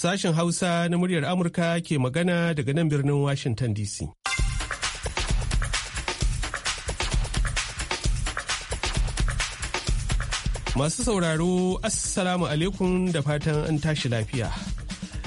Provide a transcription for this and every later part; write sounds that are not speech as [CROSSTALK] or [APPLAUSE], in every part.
Sashen Hausa na muryar Amurka ke magana daga nan birnin Washington DC. Masu sauraro, Assalamu alaikum da fatan an tashi lafiya.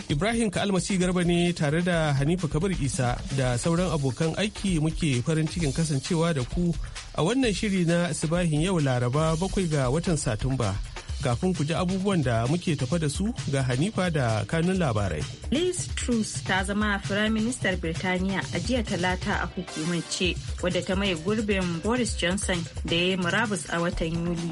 Ibrahim Ka'almasi Garba ne tare da Hanifa Kabir Isa da sauran abokan aiki muke farin cikin kasancewa da ku a wannan shiri na Asibahin yau Laraba bakwai ga watan Satumba. kafin ku ji abubuwan da muke tafa da su ga Hanifa da kanun labarai. Liz Truss ta zama firayim Ministar Birtaniya a jiya talata a hukumance wadda ta mai gurbin Boris Johnson da ya yi murabus a watan Yuli.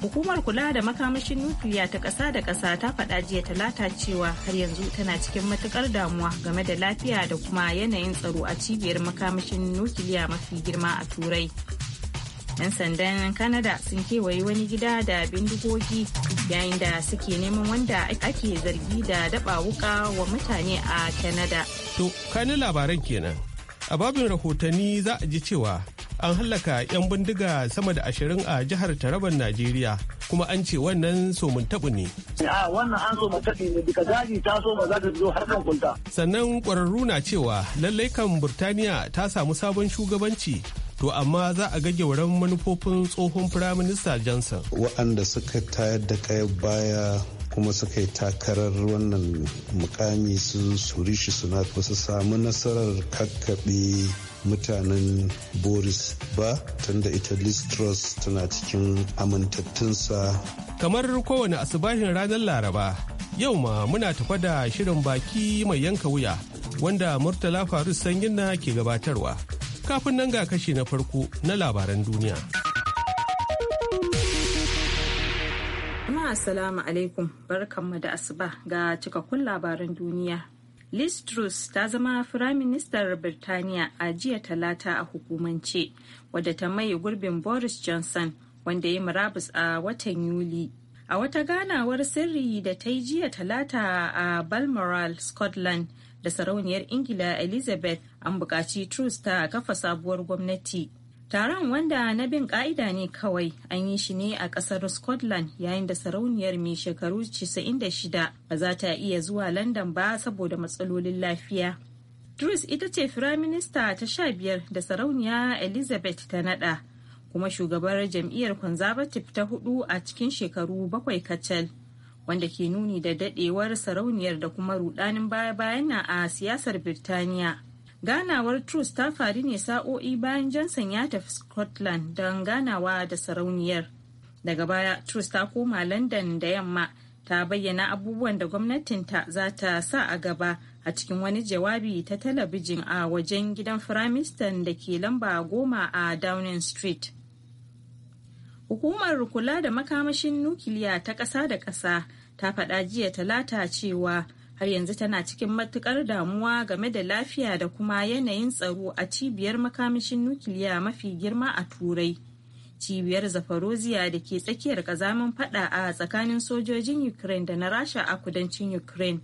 Hukumar kula da makamashin nukiliya ta ƙasa da ƙasa ta faɗa jiya talata cewa har yanzu tana cikin matukar damuwa game da lafiya da kuma yanayin tsaro a cibiyar makamashin nukiliya mafi girma a Turai. 'yan sandan Kanada sun kewaye wani gida da bindigogi yayin da suke neman wanda ake zargi da daba wuka wa mutane a canada to kani labaran kenan a babin rahotanni za a ji cewa an hallaka 'yan bindiga sama da ashirin a jihar taraban najeriya kuma an ce wannan somuntaɓu ne a wannan an somuntaɓi ne duka daji ta so ba za ta zo har kunta sannan ƙwararru na cewa lallai kan burtaniya ta samu sabon shugabanci to amma za a gage wurin manufofin tsohon firaminista johnson waɗanda suka tayar da kayan baya kuma suka yi takarar wannan mukami su surishi suna su samu nasarar kakkaɓe mutanen boris ba tunda ita listros tana cikin amintattunsa kamar kowane asibahin ranar laraba yau ma muna tafa da shirin baki mai yanka wuya wanda murtala faru sanyin na ke gabatarwa kafin nan ga kashi na farko na labaran duniya. Assalamu alaikum barkanmu da asuba ga cikakkun labaran duniya. Liz Truss ta zama Firaministar Birtaniya a jiya talata a hukumance wadda ta mai gurbin Boris Johnson wanda ya murabus a watan Yuli. A wata ganawar sirri da ta yi jiya talata a Balmoral, Scotland da sarauniyar Ingila Elizabeth an buƙaci Truss ta kafa sabuwar gwamnati. Taron wanda na bin ƙa'ida ne kawai an yi shi ne a ƙasar Scotland yayin da sarauniyar mai shekaru 96 ba za ta iya zuwa London ba saboda matsalolin lafiya. Truss ita ce firaminista ta sha biyar da sarauniya Elizabeth ta nada kuma shugabar jam'iyyar Conservative ta hudu a cikin shekaru bakwai kacal wanda ke nuni da dadewar sarauniyar da kuma rudanin baya-bayan a siyasar Birtaniya. ganawar truce ta faru ne sa'o'i bayan johnson ya tafi scotland don ganawa da sarauniyar daga baya truce ta koma london da yamma ta bayyana abubuwan da gwamnatinta za ta sa a gaba a cikin wani jawabi ta talabijin a wajen gidan firaministan da ke lamba goma a downing street hukumar kula da makamashin nukiliya ta ƙasa da ƙasa ta faɗa jiya talata cewa har yanzu tana cikin matukar damuwa game da lafiya da kuma yanayin tsaro a cibiyar makamashin nukiliya mafi girma a turai cibiyar zafaroziya da ke tsakiyar kazamin fada a tsakanin sojojin ukraine da na rasha a kudancin ukraine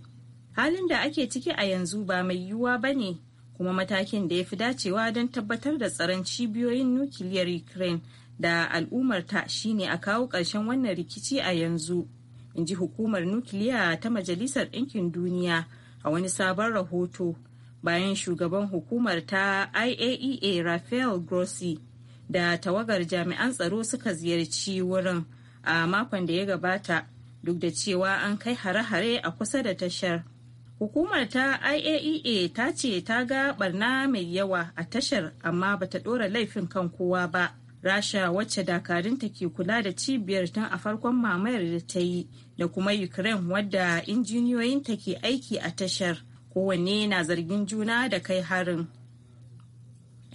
halin da ake ciki a yanzu ba mai yiwuwa ba ne kuma matakin da ya fi dacewa don tabbatar da tsaron cibiyoyin nukiliyar ukraine da al'ummarta shine a kawo ƙarshen wannan rikici a yanzu. in ji hukumar nukiliya ta majalisar ɗinkin duniya a wani sabon rahoto bayan shugaban hukumar ta iaea e rafael grossi da tawagar jami'an tsaro suka ziyarci wurin a makon da ya gabata duk da cewa an kai hare-hare a kusa da tashar hukumar ta iaea e ta ce ta ga barna mai yawa a tashar amma bata ɗora laifin kan kowa ba rasha wacce dakarunta ke kula da cibiyar tun a farkon mamayar da ta yi da kuma ukraine wadda injiniyoyinta ke aiki a tashar kowanne na zargin juna da kai harin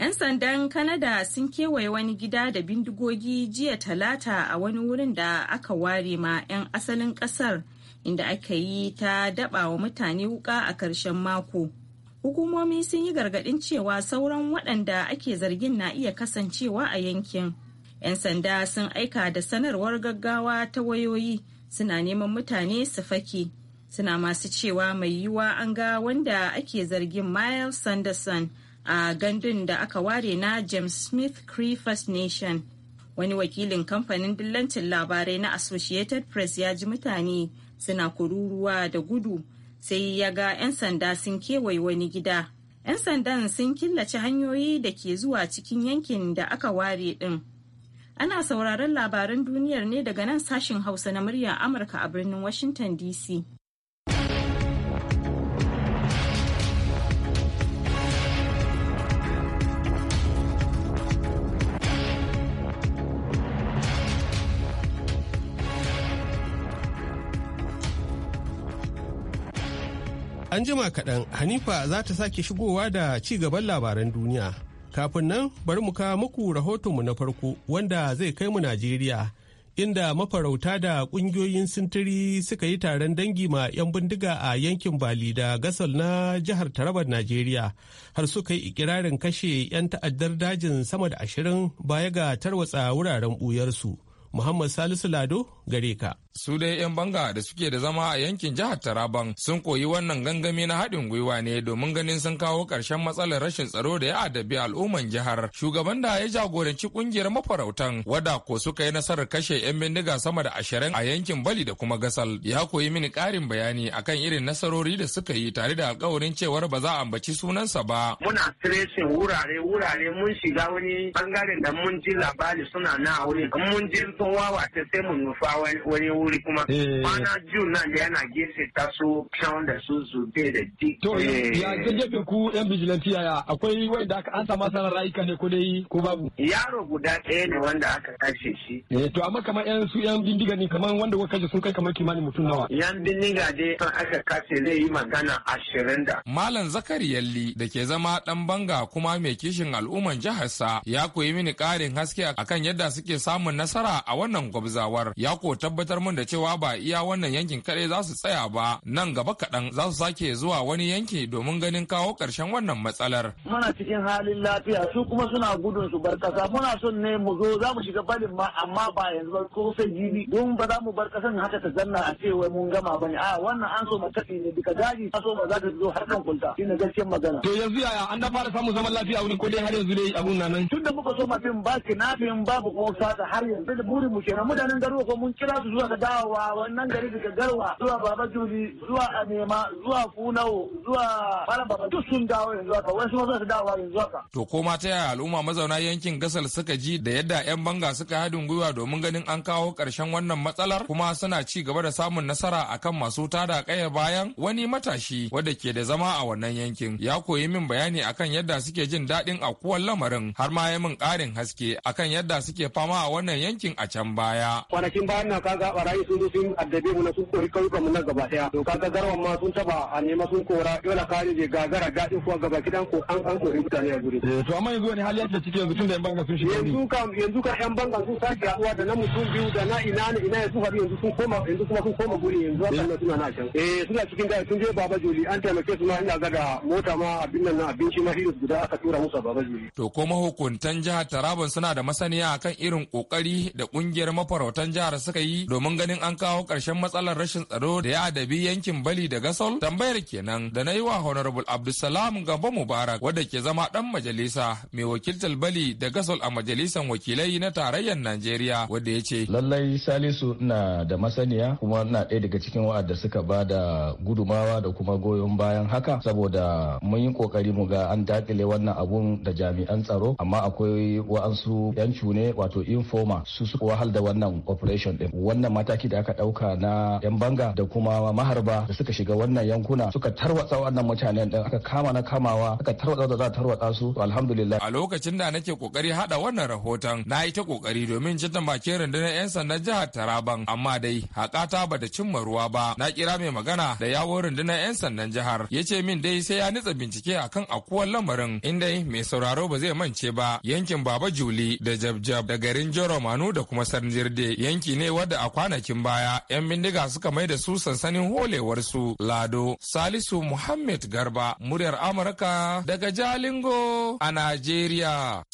'yan sandan kanada sun kewaye wani gida da bindigogi jiya talata a wani wurin da aka ware ma 'yan asalin kasar inda aka yi ta daba wa mutane wuka a karshen mako hukumomi sun yi gargadin cewa sauran waɗanda ake zargin na iya kasancewa a yankin 'yan sanda sun aika da sanarwar gaggawa ta wayoyi suna neman mutane su faki. suna masu cewa mai yiwuwa an ga wanda ake zargin miles sanderson a gandun da aka ware na james smith cree first nation wani wakilin kamfanin dillancin labarai na associated press ya ji mutane suna kururuwa da gudu sai ya ga 'yan sanda sun kewaye wani gida 'yan sandan sun killace hanyoyi da ke zuwa cikin yankin da aka ware din ana sauraron labaran duniyar ne daga nan sashin hausa na muryar amurka a birnin washington dc An jima kaɗan Hanifa za ta sake shigowa da ci gaban labaran duniya. Kafin nan bari mu kawo muku mu na farko wanda zai kai mu Najeriya inda mafarauta da ƙungiyoyin sintiri suka yi taron dangi ma 'yan bindiga a yankin Bali da gasal na jihar Tarabar Najeriya har suka yi ikirarin kashe 'yan ta'addar dajin sama da ashirin baya ga tarwatsa wuraren ɓuyarsu. Muhammad Salisu Lado gare ka. Su dai 'yan banga da suke da zama a yankin jihar Taraban sun koyi wannan gangami na haɗin gwiwa ne domin ganin sun kawo ƙarshen matsalar rashin tsaro da ya adabi al'umman jihar. Shugaban da ya jagoranci ƙungiyar mafarautan wada ko suka yi nasarar kashe 'yan bindiga sama da ashirin a yankin Bali da kuma Gasal ya koyi mini ƙarin bayani akan irin nasarori da suka yi tare da alƙawarin cewar ba za a ambaci sunansa ba. Muna tracing wurare wurare mun shiga wani bangaren da mun ji labari suna na wuri mun ji tsowa wace sai mun nufa wani wuri wuri kuma eh. kwana june nan da yana gefe so kyan da su zube da dik to ya eh. gefe ku yan vigilanti yaya akwai wanda aka an samu asarar rayuka ne ko dai ko babu yaro guda ɗaya ne wanda aka kashe shi eh to amma kamar yan su yan bindiga ne kamar wanda kuka kashe sun kai kamar kimanin mutum nawa yan bindiga dai san aka kashe zai yi magana ashirin da malam zakari yalli da ke zama dan banga kuma mai kishin al'umman sa ya koyi mini ƙarin haske akan yadda suke samun nasara a wannan gwabzawar ya ko tabbatar mun da cewa ba iya wannan yankin kaɗai za su tsaya ba nan gaba kaɗan za su sake zuwa wani yanki domin ganin kawo ƙarshen wannan matsalar. Muna cikin halin lafiya su kuma suna gudun su bar ƙasa muna son ne mu zo za mu shiga balin ma amma ba yanzu ba ko sai jibi don ba za mu bar ƙasan haka ta zanna a ce wai mun gama ba ne a wannan an so kaɗi ne duka daji a so ba za ta zo har kan kunta shine gaskiyar magana. To yanzu yaya an da fara samun zaman lafiya wuri ko dai har yanzu dai abun nan. Tun da muka so mafin ba kinafin babu ko sata har yanzu da burin mu kenan mutanen garuwa ko mun kira su zuwa dawowa wannan gari daga garwa zuwa baba zuwa anema zuwa funawo zuwa baba duk sun dawo yanzu haka wasu dawowa yanzu haka. to ko ma ta yaya al'umma mazauna yankin gasar suka ji da yadda 'yan banga suka haɗin gwiwa domin ganin an kawo ƙarshen wannan matsalar kuma suna ci gaba da samun nasara akan masu tada kaya bayan wani matashi wadda ke da zama a wannan yankin ya koyi min bayani akan yadda suke jin daɗin akuwan lamarin har ma ya min ƙarin haske akan yadda suke fama a wannan yankin a can baya. kwanakin bayan na kaga barayi sun zo sun addabe mu na sun kori kauyukan mu na gaba daya to kaga garwan ma sun taba a nema sun kora yola kare je gagara gadin kuwa gaba gidan ko an an kori mutane a guri eh, to amma yanzu wani hali yadda cikin yanzu tun da yan banga sun shiga yanzu kam yanzu ka yan banga sun sake haduwa da na sun biyu da na ina ne ina yanzu har yanzu sun koma yanzu kuma sun koma guri yanzu haka suna na can eh suna cikin da sun je baba joli an taimake su ma ina ga da mota ma abin nan na abinci ma hiris guda aka tura musu baba joli to ko mahukuntan jihar Taraban suna da masaniya akan irin kokari da kungiyar mafarautan jihar suka yi domin ganin an kawo ƙarshen matsalar rashin tsaro da ya adabi yankin Bali da Gasol? Tambayar kenan da na yi wa Honorable Abdulsalam Gaba Mubarak wadda ke zama ɗan majalisa mai wakiltar Bali da Gasol a Majalisar wakilai na tarayyar Najeriya wadda ya ce. Lallai Salisu na da masaniya kuma na ɗaya daga cikin wa'adda suka ba da gudumawa da kuma goyon bayan haka saboda mun yi kokari mu ga an dakile wannan abun da jami'an tsaro amma akwai wa'ansu yancu ne wato informa su su wahal da wannan operation din wannan mataki da aka ɗauka na 'yan banga da kuma maharba da suka shiga wannan yankuna suka tarwatsa wannan mutanen da aka kama na kamawa aka tarwatsa da za a tarwatsa su alhamdulillah. A lokacin da nake kokari hada wannan rahoton na yi ta kokari domin jin bakin rundunar 'yan sandan jihar Taraban amma dai hakata da cimma ruwa ba na kira mai magana da yawon rundunar 'yan sandan jihar ya ce min dai sai ya nitsa bincike akan akuwan lamarin inda mai sauraro ba zai mance ba yankin Baba Juli da Jabjab da garin manu da kuma Sarnjirde yanki ne wadda a kwana kwanakin baya 'yan bindiga suka mai da su sansanin holewarsu lado salisu muhammed garba muryar amurka daga jalingo a najeriya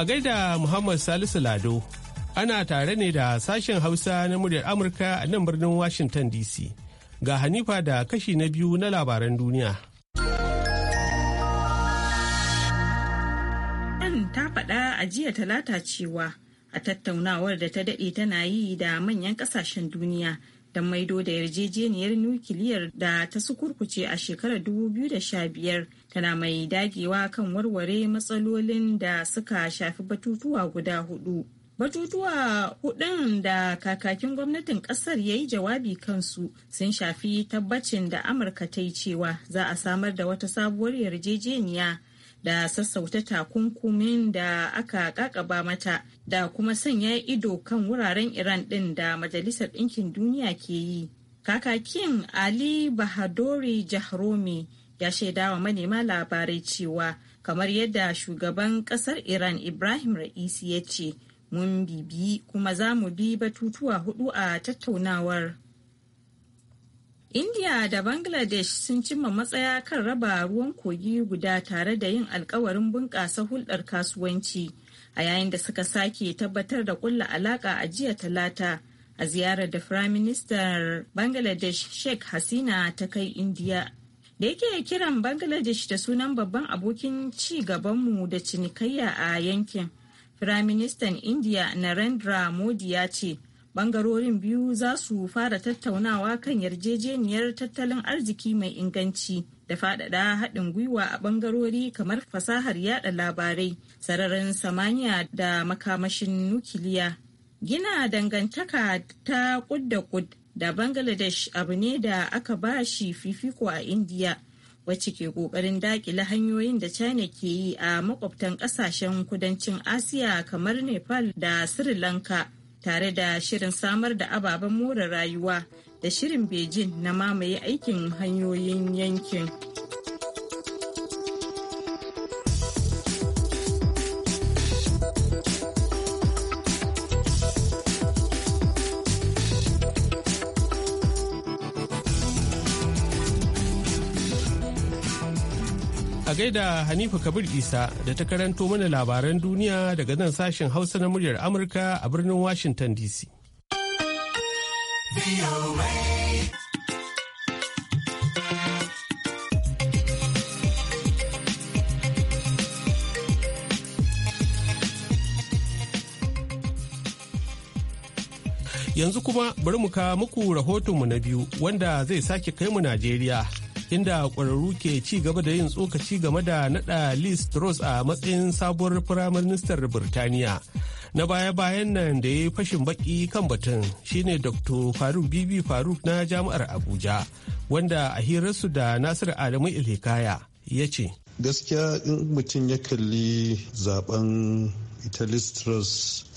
a gaida Muhammad Salisu Lado ana tare ne da sashen Hausa na muryar Amurka a nan birnin Washington DC. Ga Hanifa da kashi na biyu na labaran duniya. an ta faɗa a jiya talata cewa a tattaunawar da ta daɗe tana yi da manyan ƙasashen duniya da maido da yarjejeniyar nukiliyar da ta sukurkuce a shekarar 2015 tana mai dagewa kan warware matsalolin da suka shafi batutuwa guda hudu Batutuwa hudun da kakakin gwamnatin kasar ya yi jawabi kansu sun shafi tabbacin da Amurka ta yi cewa za a samar da wata sabuwar yarjejeniya da sassauta takunkumin da aka kakaba mata da kuma sanya ido kan wuraren Iran ɗin da Majalisar Ɗinkin Duniya ke yi. Kakakin Ali Bahadori Jahromi ya shaida wa manema labarai cewa kamar yadda shugaban ƙasar Iran Ibrahim Ra'isi ya ce mun bibi kuma za mu bi batutuwa hudu a tattaunawar. India da Bangladesh sun cimma matsaya kan raba ruwan kogi guda tare da yin alkawarin bunƙasa hulɗar kasuwanci a yayin da suka sake tabbatar da ƙulla alaƙa a jiya talata a ziyarar da Firaministan Bangladesh Sheikh Hasina ta kai India da yake kiran bangladesh da sunan babban abokin ci gabanmu da cinikayya a yankin Firaministan Indiya Narendra Modi ya ce bangarorin biyu za su fara tattaunawa kan yarjejeniyar tattalin arziki mai inganci da faɗaɗa haɗin gwiwa a bangarori kamar fasahar yada labarai sararin samaniya da makamashin nukiliya. Gina dangantaka ta kud da kud da Bangladesh abu ne da aka ba shi fifiko a Indiya wacce ke ƙoƙarin daƙile hanyoyin da China ke yi a makwabtan ƙasashen kudancin Asiya kamar Nepal da Sri Lanka tare da shirin samar da ababen more rayuwa da shirin Beijing na mamaye aikin hanyoyin yankin. gaida hanifa Kabir Isa da ta karanto mana labaran duniya daga nan sashen Hausa na muryar Amurka a birnin Washington DC. Yanzu kuma bari mu kawo muku rahotonmu na biyu wanda zai sake kai mu Najeriya. inda kwararru ke ci gaba da yin tsokaci game da nada Liz Truss a matsayin sabuwar firaministar Birtaniya. Na baya-bayan nan da ya yi fashin baki kan batun shine Dr. Faruk Bibi Faruk na Jami'ar Abuja, wanda a hirarsu da Nasiru Adamu ilhikaya ya ce. Gaskiya in mutum ya kalli zaben Italist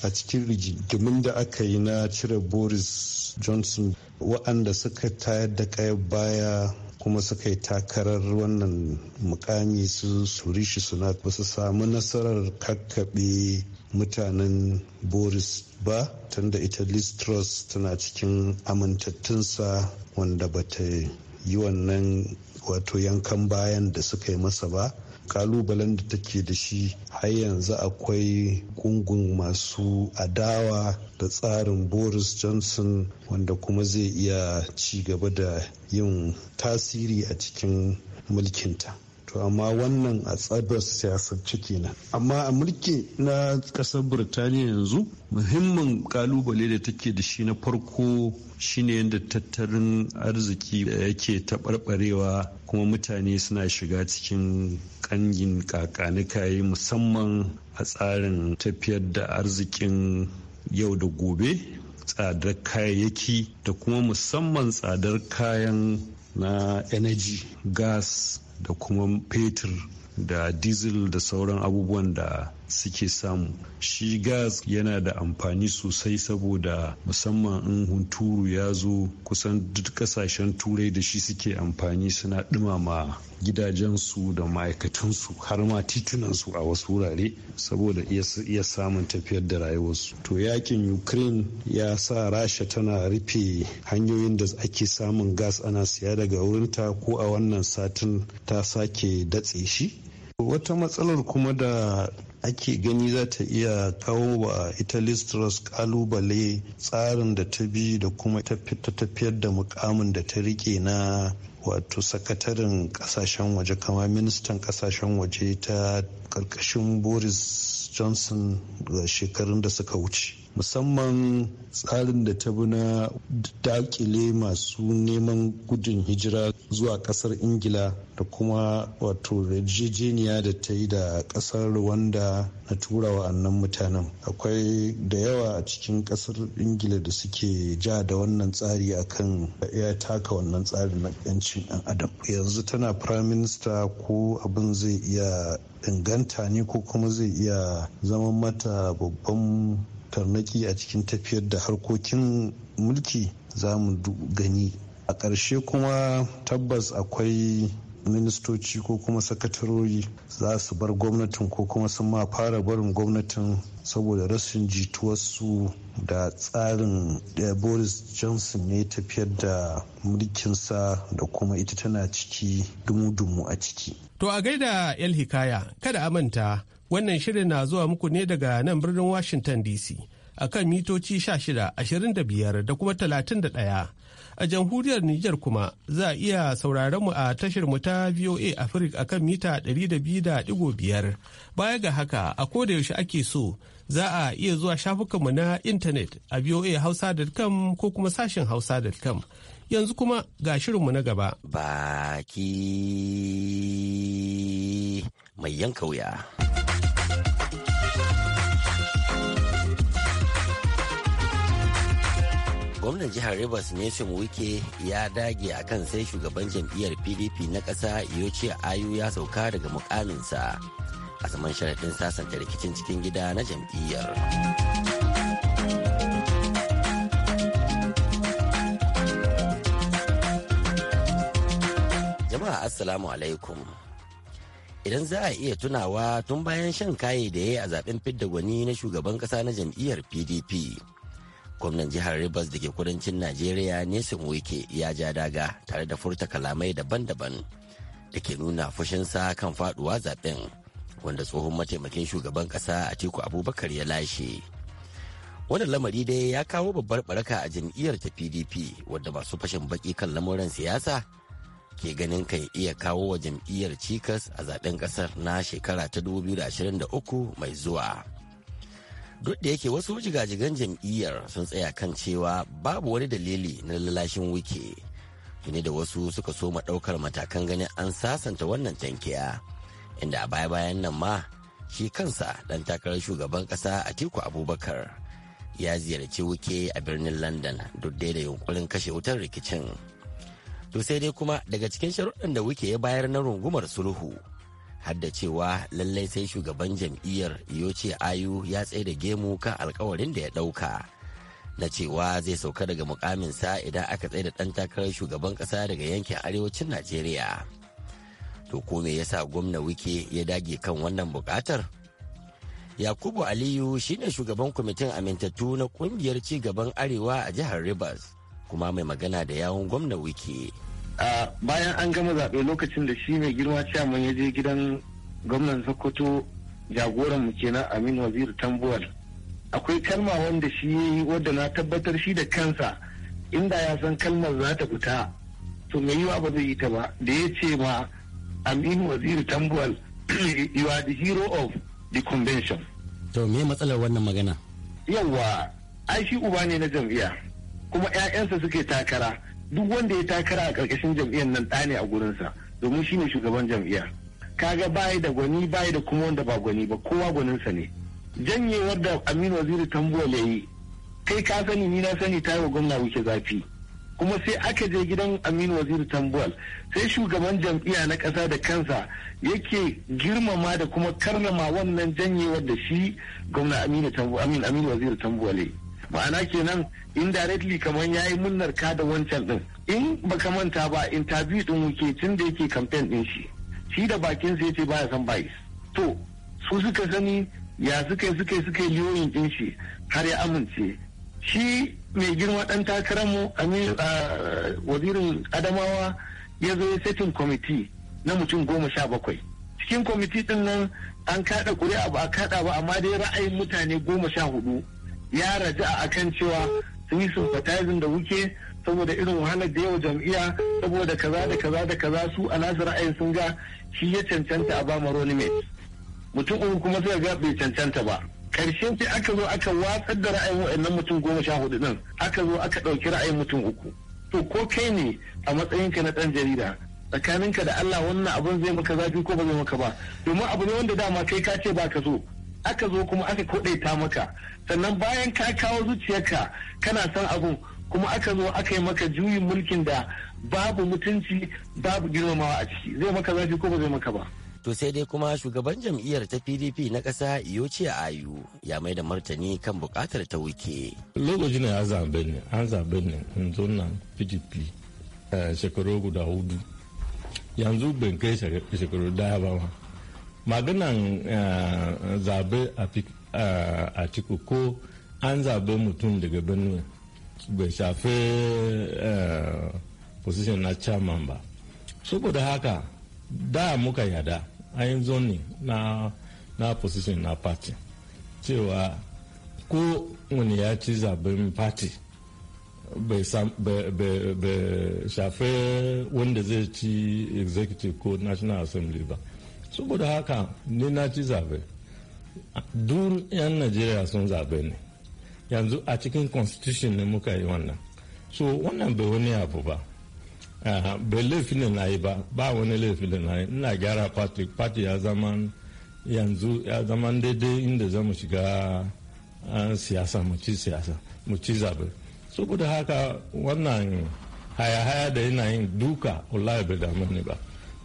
a cikin rigimin da aka yi na cire Boris Johnson wa'anda suka tayar da kayan baya kuma suka yi takarar wannan mukami su shi suna ba su samu nasarar kakkaɓe mutanen boris ba tunda ita listros tana cikin amintattunsa wanda ba ta yi wannan wato yankan bayan da suka yi masa ba kalubalen da take da shi har yanzu akwai gungun masu adawa da tsarin boris johnson wanda kuma zai iya ci gaba da yin tasiri a cikin mulkinta to amma wannan a tsabar siyasar ciki na amma a mulki na kasar birtaniya yanzu muhimmin kalubale da take da shi na farko shine yadda tattalin arziki da yake taɓarɓarewa kuma mutane suna shiga cikin kangin kakanikaye musamman a tsarin tafiyar da arzikin yau da gobe tsadar kayayyaki da kuma musamman tsadar kayan na energy gas da kuma fetur da diesel da sauran abubuwan da suke samu shi gas yana da amfani sosai saboda musamman in hunturu ya zo kusan duk kasashen turai da shi suke amfani suna dumama gidajensu da ma'aikatansu har ma titunansu a wasu wurare saboda iya samun tafiyar da rayuwarsu to yakin ukraine ya sa rasha tana rufe hanyoyin da ake samun gas ana siya daga wurinta ko a wannan satin ta sake datse shi wata matsalar kuma da ake gani za ta iya kawo wa italy's listras kalubale tsarin da ta bi da kuma ta tafiyar da mukamin da ta rike na wato sakataren kasashen waje kama ministan kasashen waje ta karkashin boris johnson ga shekarun da suka wuce musamman tsarin da ta bi na dakile masu neman gudun hijira zuwa kasar ingila da kuma wato yarjejeniya da ta yi da kasar rwanda na tura wa'annan mutanen akwai da yawa a cikin kasar ingila da suke ja da wannan tsari akan ya taka wannan tsarin na yancin yan adam yanzu tana prime minister ko abin zai iya inganta ne ko kuma zai iya zama mata babban tarnaki a cikin tafiyar da harkokin mulki za mu gani a ƙarshe kuma tabbas akwai ministoci ko kuma sakatarori za su bar gwamnatin ko kuma sun ma fara barin gwamnatin saboda rashin jituwarsu da tsarin da boris johnson ne tafiyar da mulkinsa da kuma ita tana ciki dumu-dumu a ciki to a gaida el hikaya kada a manta Wannan shirin na zuwa muku ne daga nan birnin Washington DC a kan mitoci 16, 25 da kuma 31. A jamhuriyar Nijar kuma za a iya sauraron mu a tashar mu ta VOA Africa a kan mita 200.5. Baya ga haka a koda yaushe ake so za a iya zuwa shafukanmu na intanet a VOA hausa.com ko kuma sashen hausa.com. yanzu kuma ga shirinmu na gaba. Baki mai yanka wuya. gwamnan jihar rivers nation wike ya dage a kan sai shugaban jam'iyyar pdp na ƙasa yoci ayu ya sauka daga mukaminsa a saman sharaɗin sasanta rikicin cikin gida na jam'iyyar. assalamu alaikum idan za a iya tunawa tun bayan shan kaye da ya yi a zaben fidda gwani na shugaban kasa na jam'iyyar pdp gwamnan jihar rivers da ke kudancin najeriya nesin wike ya ja daga tare da furta kalamai daban-daban da ke nuna fushinsa kan faduwa zaben wanda tsohon mataimakin shugaban kasa atiku abubakar ya lashe wannan lamari dai ya kawo babbar baraka a jam'iyyar ta pdp wadda masu fashin baki kan lamuran siyasa ke ganin kan iya kawo wa jam'iyyar cikas a zaɓen ƙasar na shekara ta 2023 mai zuwa. Duk da yake wasu jigajigan jam'iyyar sun tsaya kan cewa babu wani dalili na lalashin wike. Tuni da wasu suka so ɗaukar matakan ganin an sasanta wannan tankiya. Inda a baya-bayan nan ma shi kansa dan takarar shugaban ƙasa Atiku Abubakar ya ziyarci wuke a birnin London duk da yunkurin kashe wutar rikicin. To sai dai kuma daga cikin sharuɗan da Wike ya bayar na rungumar sulhu. Hadda cewa lallai sai shugaban jam'iyyar ce, Ayu ya tsaye da gemu kan alkawarin da ya ɗauka. Na cewa zai sauka daga mukaminsa idan aka tsaye da ɗan takarar shugaban ƙasa daga yankin arewacin Najeriya. To ko me yasa gwamna Wike ya dage kan wannan buƙatar? Yakubu Aliyu shine shugaban kwamitin amintattu na ƙungiyar ci gaban Arewa a jihar Rivers. kuma mai magana da yawun gwamna wiki bayan an gama zaɓe lokacin da shi mai girma ciyaman ya je gidan gwamnan sokoto jagoran mu kenan aminu wazir tambuwal akwai kalma wanda shi ya wadda na tabbatar shi da kansa inda ya san kalmar za ta fita to mai yiwa ba zai yi ta ba da ya ce ma aminu waziri tambuwal [CLEARS THROAT] you are the hero of the convention to me matsalar wannan magana yawa ai shi uba ne na jam'iyya kuma 'ya'yansa suke takara duk wanda ya takara a ƙarƙashin jam'iyyar nan ɗa ne a gurinsa domin shine shugaban jam'iyya kaga bayi da gwani bayi da kuma wanda ba gwani ba kowa gwaninsa ne janyewar da aminu waziri tambuwa ya yi kai ka sani ni na sani ta yi wa gwamna wuce zafi kuma sai aka je gidan aminu waziri tambuwal sai shugaban jam'iyya na kasa da kansa yake girmama da kuma karnama wannan janyewar da shi gwamna aminu waziri tambuwa ya yi ma'ana kenan indirectly kamar ya yi munnar ka da wancan din in baka manta ba interview din wuke tun da yake campaign din shi shi da bakin sai ce baya san bayis. to su suka sani ya suka yi suka yi suka yi din shi har ya amince shi mai girma dan takarar mu ah, wazirin adamawa ya zo ya setin committee na mutum goma sha bakwai cikin kwamiti din nan an kada kuri'a ba a kada ba amma dai ra'ayin mutane goma sha hudu ya raja a akan cewa sun yi sympathizing da wuke saboda irin wahalar da yawa jam'iyya saboda kaza da kaza da kaza su a nasu ra'ayin sun ga shi ya cancanta a bama ronimate mutum uku kuma suka ga bai cancanta ba karshen ce aka zo aka watsar da ra'ayin wa'annan mutum goma sha hudu din aka zo aka ɗauki ra'ayin mutum uku to ko kai ne a matsayinka na ɗan jarida tsakaninka da Allah wannan abun zai maka zafi ko ba zai maka ba domin abu ne wanda dama kai ka ce ba ka so aka zo kuma aka ta maka sannan bayan ka kawo zuciyarka kana son abu kuma aka zo aka yi maka juyin mulkin da babu mutunci babu girmamawa a ciki zai maka zafi ko ba zai maka ba to sai dai kuma shugaban jam'iyyar ta pdp na ƙasa a ayu ya mai da martani kan buƙatar ta wuke lokacin ya zaɓe ne an zaɓe ne yanzu nan pdp eh, shekaru guda hudu yanzu ban kai shekaru daya ba ma maganan eh, zabe a ciki eh, ko an zabe mutum daga benue bai shafi eh, position na chairman ba saboda haka da muka yada yin zoni na na position na party cewa ko wani ya ci zaben party bai shafi wanda zai ci executive ko national assembly ba saboda haka ni na ci zabe dur 'yan najeriya sun zabe ne yanzu a cikin constitution ne muka yi wannan so wannan bai wani abu ba bai laifi ne na yi ba ba wani laifi da na yi ina gyara party party ya zama yanzu ya zama daidai inda za mu shiga siyasa mu ci siyasa mu ci zabe saboda haka wannan haya-haya da yana yin duka wallahi bai damu ne ba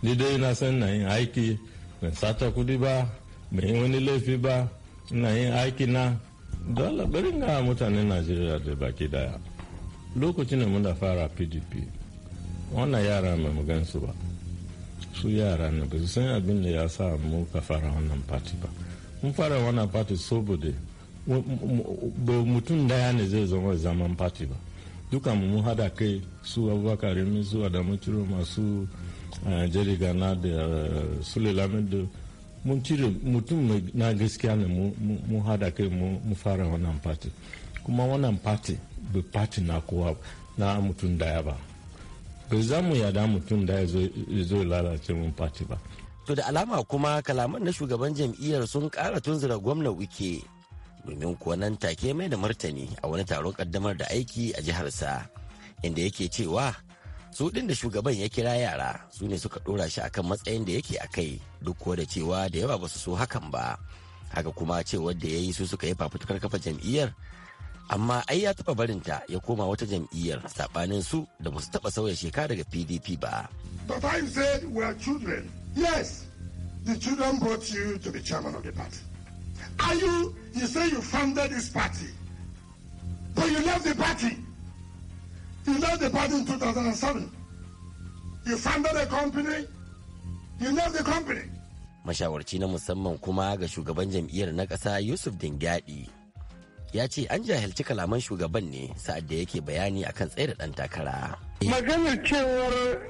ni dai na san na yin aiki ban sata kudi ba ban yi wani laifi ba ina yin aiki na dole bari ga mutanen najeriya da baki daya lokacin da muna fara pdp wannan yara mai magansu ba su yara ne ba su san abin da ya sa mu ka fara wannan party ba mun fara wannan party saboda ba mutum daya ne zai zama zaman party ba duka mu hada kai su abubakar su adamu ciro masu Eh, jerry gana da eh, sule lamido mun cire mutum na gaskiya ne mu hada kai mu fara wannan party kuma wannan party bai party na kowa na mutum daya ba bai za mu yada mutum daya zo lalace mun party ba to da alama kuma kalaman na shugaban jam'iyyar sun kara tunzura gwamna wike domin kuwa nan take mai da martani a wani taron kaddamar da aiki a jiharsa inda yake cewa su ɗin da shugaban ya kira yara su ne suka ɗora shi akan matsayin da yake a kai duk kuwa da cewa da yawa ba su so hakan ba haka kuma cewa da ya yi su suka yi fafutukar kafa jam'iyyar amma ai ya taɓa barinta ya koma wata jam'iyyar sabanin su da ba su taɓa sauya sheka daga pdp ba. but i said we are children yes the children brought you to chairman of the party are you you say you founded this party but you left the party He left the party in 2007. He founded a company. He left the company. Mashawarci na musamman kuma ga shugaban jam'iyyar na ƙasa Yusuf dingyadi ya ce an jahilci kalaman shugaban ne sa'ad da yake bayani akan tsaye da ɗan takara. Maganar cewar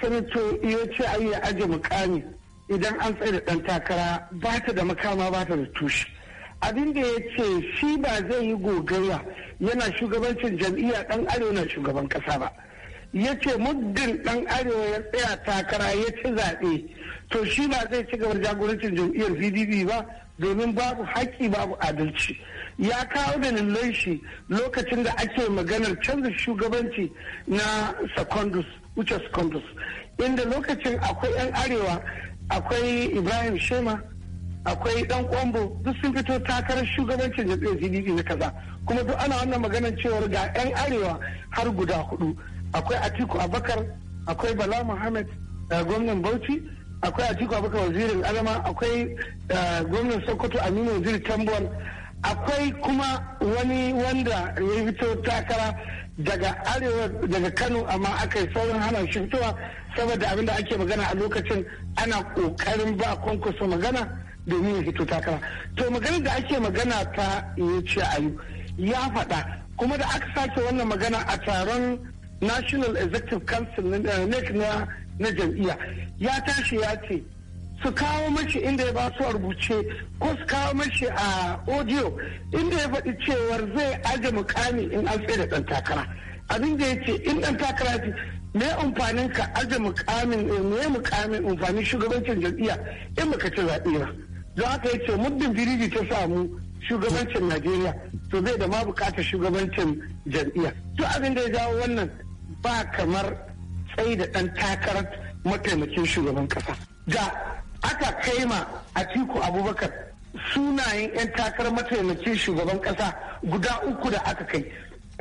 sanato iya ce an yi aje mukami idan an tsaye da ɗan takara ba ta da makama ba ta da tushe. abin da ya ce shi ba zai yi gogayya yana shugabancin jam'iyyar dan arewa na shugaban kasa ba ya ce muddin dan arewa ya tsaya takara ya ci zaɓe to shi ba zai ci gaba jagorancin jam'iyyar pdp ba domin babu haƙƙi babu adalci ya kawo dalilan shi lokacin da ake maganar canza shugabanci na secondus wuce secondus inda lokacin akwai 'yan arewa akwai ibrahim shema akwai dan kwambo duk sun fito takarar shugabancin jam'iyyar cdp na kaza kuma duk ana wannan maganar cewar ga yan arewa har guda hudu akwai atiku abakar akwai bala muhammad gwamnan bauchi akwai atiku abakar wazirin adama akwai eh, gwamnan sokoto aminu waziri tambuwal akwai kuma wani wanda ya fito takara daga arewa daga kano amma aka yi saurin hana shi fitowa saboda abinda ake magana a lokacin ana kokarin ba kwankwaso magana domin ya fito takara to maganar da ake magana ta ya ce ayu ya faɗa kuma da aka sake wannan magana a taron national executive council nec eh, e na na jam'iyya ya tashi ya ce su kawo mashi inda ya ba su a rubuce ko su kawo mashi a audio inda ya faɗi cewar zai aje mukami in an tsaye da ɗan takara abin da ya ce in ɗan takara ce me amfanin ka aje mukamin eh, me mukamin amfanin shugabancin jam'iyya in baka ci zaɓe ba don aka yi ce muddin firiji ta samu shugabancin najeriya to zai da ma bukatar shugabancin jam'iyya duk abin da ya jawo wannan ba kamar tsaye da ɗan takarar mataimakin shugaban ƙasa da aka kai ma atiku abubakar sunayen 'yan takarar mataimakin shugaban ƙasa guda uku da aka kai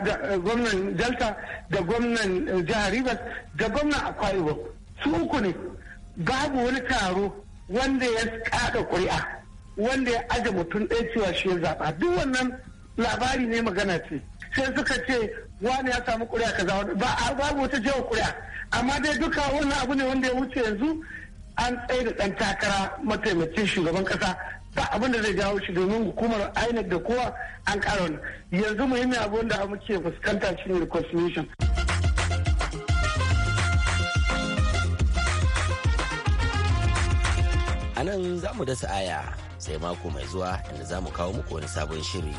da eh, gwamnan delta da gwamnan eh, jihar rivers da gwamnan akwa su uku ne babu wani taro wanda ya kada kuri'a wanda ya aje mutum ɗaya cewa shi ya zaɓa duk wannan labari ne magana ce sai suka ce wani ya samu kuri'a kaza ba a babu wata jawar kuri'a amma dai duka wannan abu ne wanda ya wuce yanzu an tsaye da ɗan takara mataimakin shugaban ƙasa ba abin da zai jawo shi domin hukumar inec da kowa an ƙara yanzu muhimmin abu da muke fuskanta shine reconciliation. a nan za mu dasa aya sai mako mai zuwa inda za mu kawo muku wani sabon shiri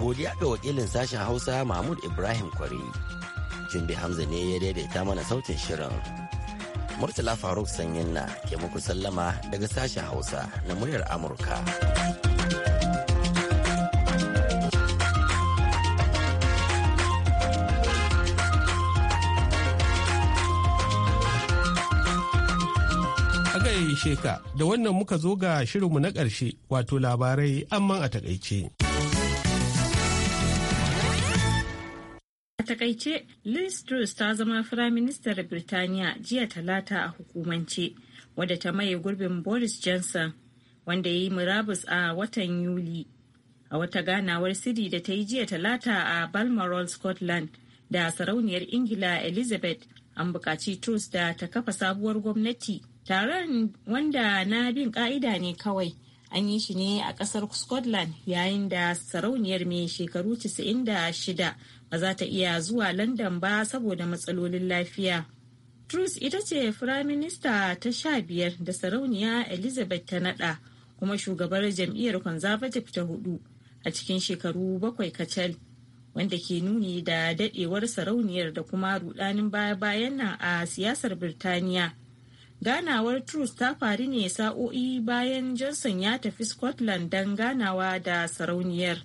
godiya ga wakilin sashen hausa mahmud ibrahim kwari jimbi hamza ne ya daidaita mana sautin shirin murtala faruk sanyin na ke muku sallama daga sashen hausa na muryar amurka gaishe ka da wannan muka zo ga shirinmu na ƙarshe wato labarai amman a takaice. A takaice, Liz Truss ta zama Firaministar Birtaniya jiya talata a hukumance, wadda ta maye gurbin Boris Johnson, wanda ya yi murabus a watan Yuli. A wata ganawar siri da ta yi jiya talata a Balmoral, Scotland, da sarauniyar Ingila Elizabeth an buƙaci Truss da ta kafa sabuwar gwamnati taron wanda na bin ka'ida ne kawai an yi shi ne a kasar scotland yayin da sarauniyar mai shekaru 96 ba za ta iya zuwa london ba saboda matsalolin lafiya truss ita ce firaminista ta sha biyar da sarauniya elizabeth ta nada kuma shugabar jam'iyyar conservative ta hudu a cikin shekaru bakwai kacal wanda ke nuni da dadewar sarauniyar da kuma rudanin baya-bayan nan a siyasar birtaniya ganawar truce ta faru ne sa'o'i bayan johnson ya tafi scotland don ganawa da sarauniyar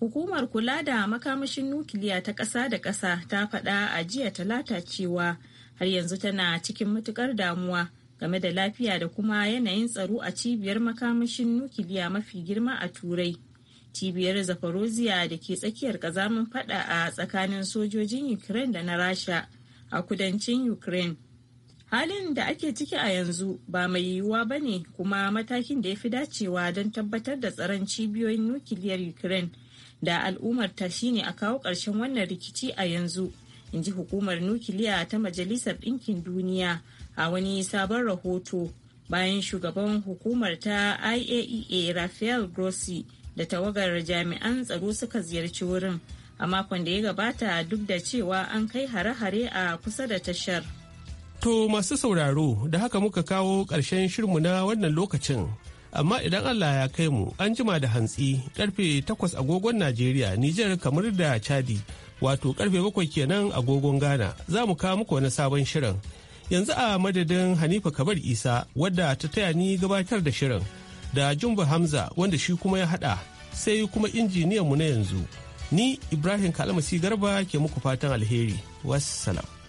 hukumar kula da makamashin nukiliya ta ƙasa da ƙasa ta faɗa a jiya talata cewa har yanzu tana cikin matukar damuwa game da lafiya da kuma yanayin tsaro a cibiyar makamashin nukiliya mafi girma a turai cibiyar zaporozhia da ke tsakiyar kazamin fada a tsakanin sojojin ukraine da na rasha a kudancin ukraine halin da ake ciki a yanzu ba mai yiwuwa ba ne kuma matakin da ya fi dacewa don tabbatar da tsaron cibiyoyin nukiliyar ukraine da al'ummar ta shine a kawo ƙarshen wannan rikici a yanzu in ji hukumar nukiliya ta majalisar ɗinkin duniya a wani sabon rahoto bayan shugaban hukumar ta iaea e rafael grossi da tawagar jami'an tsaro suka ziyarci wurin a makon da ya gabata duk da cewa an kai hare-hare a kusa da tashar. To masu sauraro da haka muka kawo ƙarshen shirmu na wannan lokacin. Amma idan Allah ya kai mu an jima da hantsi karfe takwas agogon Najeriya, Nijar kamar da Chadi, wato karfe bakwai kenan agogon Ghana za mu kawo muku wani sabon shirin. Yanzu a madadin Hanifa Kabar Isa wadda ta taya ni gabatar da shirin da Jumba Hamza wanda shi kuma ya hada sai kuma injiniyan mu na yanzu. Ni Ibrahim Kalamasi Garba ke muku fatan alheri. Wassalam.